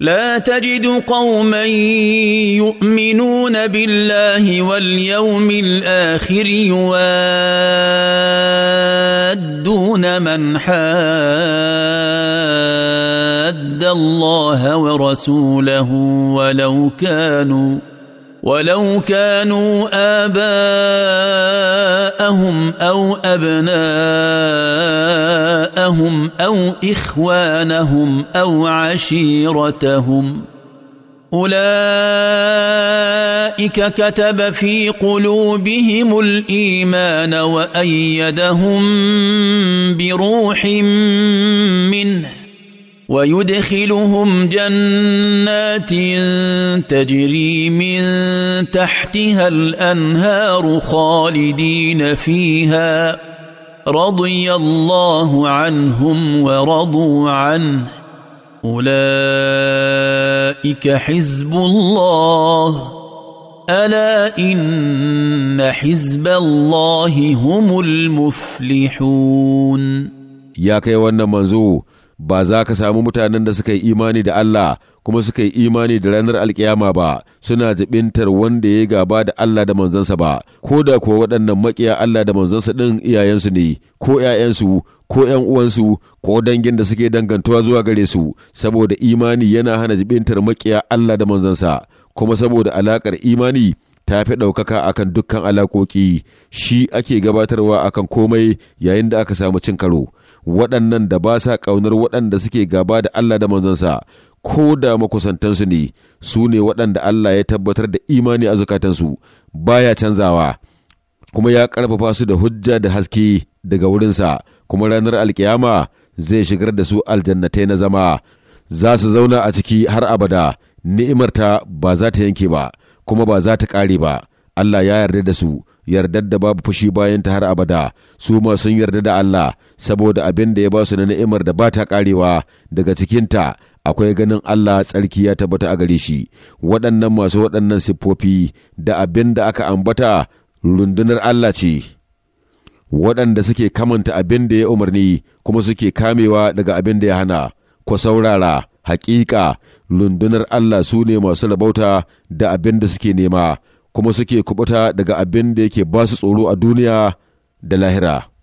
لا تجد قوما يؤمنون بالله واليوم الاخر يوادون من حاد الله ورسوله ولو كانوا ولو كانوا اباءهم او ابناءهم أبناءهم او اخوانهم او عشيرتهم اولئك كتب في قلوبهم الايمان وايدهم بروح منه ويدخلهم جنات تجري من تحتها الانهار خالدين فيها رضي الله عنهم ورضوا عنه اولئك حزب الله الا ان حزب الله هم المفلحون يا كي wannan بازاك ba za ka samu mutanen da kuma suka yi imani da ranar alkiyama ba suna jibintar wanda ya gaba da Allah da manzansa ba ko da kuwa waɗannan makiya Allah da manzansa ɗin iyayensu ne ko ‘ya'yansu ko ‘yan uwansu ko dangin da suke dangantuwa zuwa gare su saboda imani yana hana jibintar makiya Allah da manzansa kuma saboda alaƙar imani ta fi ɗaukaka akan dukkan alakoki shi ake gabatarwa akan komai yayin da aka samu cin karo waɗannan da ba sa ƙaunar waɗanda suke gaba da Allah da manzansa ko da makusantansu ne su ne waɗanda Allah ya tabbatar da imani a zukatansu baya canzawa kuma ya ƙarfafa su da hujja da haske daga wurinsa kuma ranar alkiyama zai shigar da su aljannatai na zama za su zauna a ciki har abada ni'imarta ba za ta yanke ba kuma ba za ta ƙare ba Allah ya yarda da su yardar da babu fushi bayan ta har abada su ma sun yarda da Allah saboda abin da ya ba su na ni'imar da ba ta karewa daga cikinta akwai ganin Allah tsarki ya tabbata a gare shi waɗannan masu waɗannan siffofi da abin da aka ambata rundunar Allah ce waɗanda suke kamanta abin da ya umarni kuma suke kamewa daga abin da ya hana ku saurara hakika rundunar Allah su ne masu rabauta da abin da suke nema kuma suke kubuta daga abin da yake ba su tsoro a duniya da lahira.